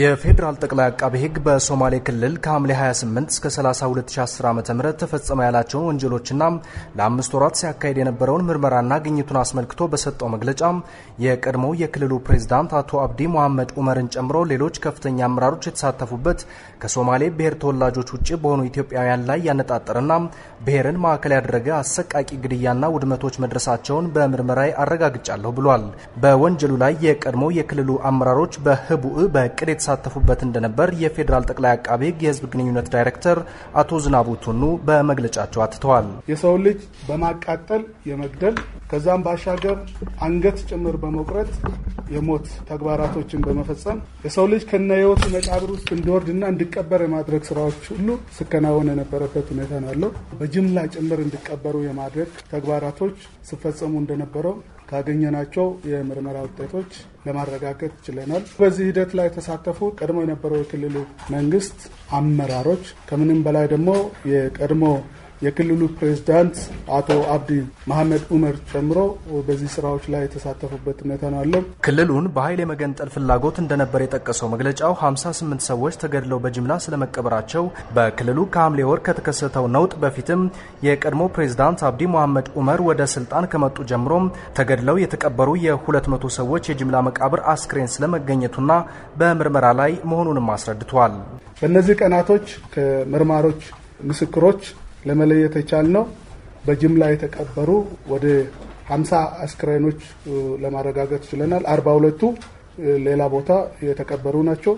የፌዴራል ጠቅላይ አቃቤ ሕግ በሶማሌ ክልል ከሐምሌ 28 እስከ 30 2010 ዓ ም ተፈጸመ ያላቸውን ወንጀሎችና ለአምስት ወራት ሲያካሄድ የነበረውን ምርመራና ግኝቱን አስመልክቶ በሰጠው መግለጫ የቀድሞው የክልሉ ፕሬዝዳንት አቶ አብዲ መሐመድ ኡመርን ጨምሮ ሌሎች ከፍተኛ አመራሮች የተሳተፉበት ከሶማሌ ብሔር ተወላጆች ውጭ በሆኑ ኢትዮጵያውያን ላይ ያነጣጠረና ብሔርን ማዕከል ያደረገ አሰቃቂ ግድያና ውድመቶች መድረሳቸውን በምርመራ አረጋግጫለሁ ብሏል። በወንጀሉ ላይ የቀድሞው የክልሉ አመራሮች በህቡእ በቅድ የተሳተፉበት እንደነበር የፌዴራል ጠቅላይ አቃቤ የህዝብ ግንኙነት ዳይሬክተር አቶ ዝናቡ ቱኑ በመግለጫቸው አትተዋል። የሰው ልጅ በማቃጠል የመግደል ከዛም ባሻገር አንገት ጭምር በመቁረጥ የሞት ተግባራቶችን በመፈጸም የሰው ልጅ ከነ ህይወቱ መቃብር ውስጥ እንዲወርድና እንዲቀበር የማድረግ ስራዎች ሁሉ ስከናወን የነበረበት ሁኔታ ነው ያለው። በጅምላ ጭምር እንዲቀበሩ የማድረግ ተግባራቶች ስፈጸሙ እንደነበረው ካገኘናቸው የምርመራ ውጤቶች ለማረጋገጥ ችለናል። በዚህ ሂደት ላይ የተሳተፉ ቀድሞ የነበረው የክልሉ መንግስት አመራሮች ከምንም በላይ ደግሞ የቀድሞ የክልሉ ፕሬዝዳንት አቶ አብዲ መሐመድ ኡመር ጨምሮ በዚህ ስራዎች ላይ የተሳተፉበት ሁኔታ ነው አለው። ክልሉን በኃይል የመገንጠል ፍላጎት እንደነበር የጠቀሰው መግለጫው 58 ሰዎች ተገድለው በጅምላ ስለመቀበራቸው በክልሉ ከሐምሌ ወር ከተከሰተው ነውጥ በፊትም የቀድሞ ፕሬዝዳንት አብዲ መሐመድ ኡመር ወደ ስልጣን ከመጡ ጀምሮ ተገድለው የተቀበሩ የ200 ሰዎች የጅምላ መቃብር አስክሬን ስለመገኘቱና በምርመራ ላይ መሆኑንም አስረድቷል። በእነዚህ ቀናቶች ከምርማሮች ምስክሮች ለመለየት የቻልነው በጅምላ የተቀበሩ ወደ 50 አስክሬኖች ለማረጋገጥ ችለናል። አርባ ሁለቱ ሌላ ቦታ የተቀበሩ ናቸው።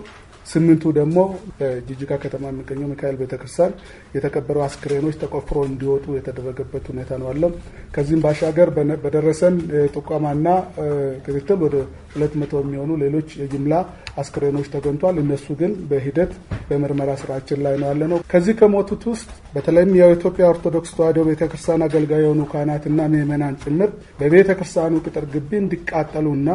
ስምንቱ ደግሞ በጂጂጋ ከተማ የሚገኘው ሚካኤል ቤተክርስቲያን የተቀበሩ አስክሬኖች ተቆፍሮ እንዲወጡ የተደረገበት ሁኔታ ነው አለም። ከዚህም ባሻገር በደረሰን ጥቋማና ክትትል ወደ ሁለት መቶ የሚሆኑ ሌሎች የጅምላ አስክሬኖች ተገኝቷል። እነሱ ግን በሂደት በምርመራ ስራችን ላይ ነው ያለ ነው። ከዚህ ከሞቱት ውስጥ በተለይም የኢትዮጵያ ኦርቶዶክስ ተዋሕዶ ቤተክርስቲያን አገልጋይ የሆኑ ካህናትና ምእመናን ጭምር በቤተክርስቲያኑ ቅጥር ግቢ እንዲቃጠሉና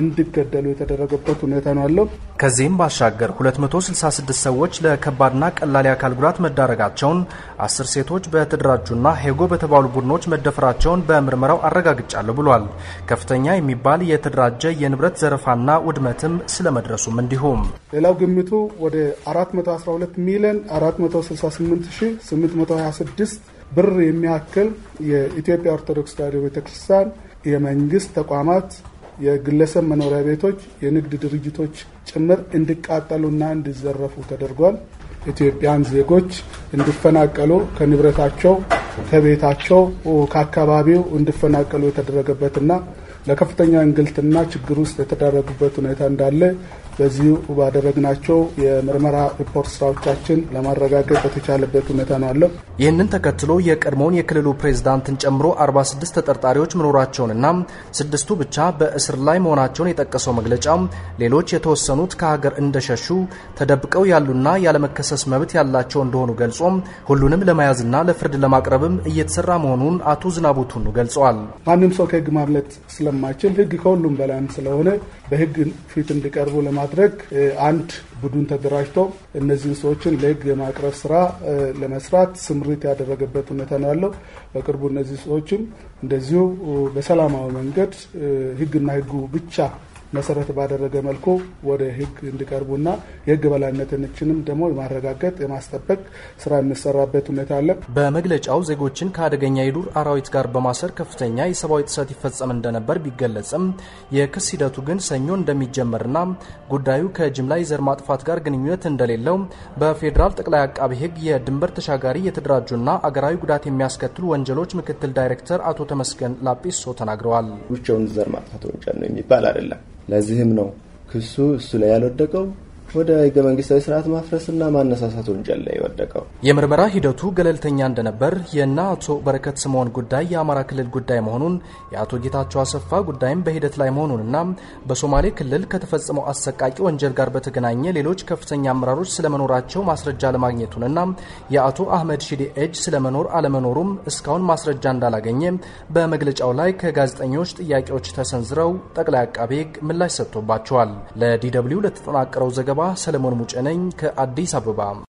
እንዲገደሉ የተደረገበት ሁኔታ ነው ያለው። ከዚህም ባሻገር 266 ሰዎች ለከባድና ቀላል የአካል ጉዳት መዳረጋቸውን፣ አስር ሴቶች በተደራጁና ሄጎ በተባሉ ቡድኖች መደፈራቸውን በምርመራው አረጋግጫለሁ ብሏል። ከፍተኛ የሚባል የተደራጀ የንብረት ዘረፋና ውድመትም ስለመድረሱም እንዲሁም ሌላው ግምቱ ወደ 412 ሚሊዮን 468826 ብር የሚያክል የኢትዮጵያ ኦርቶዶክስ ተዋሕዶ ቤተክርስቲያን የመንግስት ተቋማት የግለሰብ መኖሪያ ቤቶች፣ የንግድ ድርጅቶች ጭምር እንዲቃጠሉና እንዲዘረፉ ተደርጓል። ኢትዮጵያን ዜጎች እንዲፈናቀሉ ከንብረታቸው ከቤታቸው ከአካባቢው እንዲፈናቀሉ የተደረገበትና ለከፍተኛ እንግልትና ችግር ውስጥ የተዳረጉበት ሁኔታ እንዳለ በዚሁ ባደረግናቸው የምርመራ ሪፖርት ስራዎቻችን ለማረጋገጥ በተቻለበት ሁኔታ ነው አለው። ይህንን ተከትሎ የቀድሞውን የክልሉ ፕሬዝዳንትን ጨምሮ 46 ተጠርጣሪዎች መኖራቸውንና ስድስቱ ብቻ በእስር ላይ መሆናቸውን የጠቀሰው መግለጫ ሌሎች የተወሰኑት ከሀገር እንደሸሹ ተደብቀው ያሉና ያለመከሰስ መብት ያላቸው እንደሆኑ ገልጾም ሁሉንም ለመያዝና ለፍርድ ለማቅረብም እየተሰራ መሆኑን አቶ ዝናቡ ቱኑ ገልጸዋል። ማንም ሰው ከህግ ማምለጥ ስለማይችል ህግ ከሁሉም በላይም ስለሆነ በህግ ፊት እንዲቀርቡ ለማ ለማድረግ አንድ ቡድን ተደራጅቶ እነዚህን ሰዎችን ለህግ የማቅረብ ስራ ለመስራት ስምሪት ያደረገበት ሁኔታ ነው ያለው። በቅርቡ እነዚህ ሰዎችም እንደዚሁ በሰላማዊ መንገድ ህግና ህጉ ብቻ መሰረት ባደረገ መልኩ ወደ ህግ እንዲቀርቡና የህግ በላይነትንችንም ደግሞ የማረጋገጥ የማስጠበቅ ስራ የሚሰራበት ሁኔታ አለ። በመግለጫው ዜጎችን ከአደገኛ የዱር አራዊት ጋር በማሰር ከፍተኛ የሰብአዊ ጥሰት ይፈጸም እንደነበር ቢገለጽም የክስ ሂደቱ ግን ሰኞ እንደሚጀመርና ጉዳዩ ከጅምላ የዘር ማጥፋት ጋር ግንኙነት እንደሌለው በፌዴራል ጠቅላይ አቃቢ ህግ የድንበር ተሻጋሪ የተደራጁና አገራዊ ጉዳት የሚያስከትሉ ወንጀሎች ምክትል ዳይሬክተር አቶ ተመስገን ላጲሶ ተናግረዋል። ብቻውን ዘር ማጥፋት ወንጀል ነው የሚባል አይደለም። ለዚህም ነው ክሱ እሱ ላይ ያልወደቀው ወደ ህገ መንግስታዊ ስርዓት ማፍረስና ማነሳሳት ወንጀል ላይ የወደቀው የምርመራ ሂደቱ ገለልተኛ እንደነበር የእነ አቶ በረከት ስምዖን ጉዳይ የአማራ ክልል ጉዳይ መሆኑን የአቶ ጌታቸው አሰፋ ጉዳይም በሂደት ላይ መሆኑንና በሶማሌ ክልል ከተፈጸመው አሰቃቂ ወንጀል ጋር በተገናኘ ሌሎች ከፍተኛ አመራሮች ስለመኖራቸው ማስረጃ ለማግኘቱንና የአቶ አህመድ ሺዴ ኤጅ ስለመኖር አለመኖሩም እስካሁን ማስረጃ እንዳላገኘ በመግለጫው ላይ ከጋዜጠኞች ጥያቄዎች ተሰንዝረው ጠቅላይ አቃቤ ህግ ምላሽ ሰጥቶባቸዋል። ለዲ ደብልዩ ለተጠናቀረው ዘገባ ዘገባ ሰለሞን ሙጬ ከአዲስ አበባ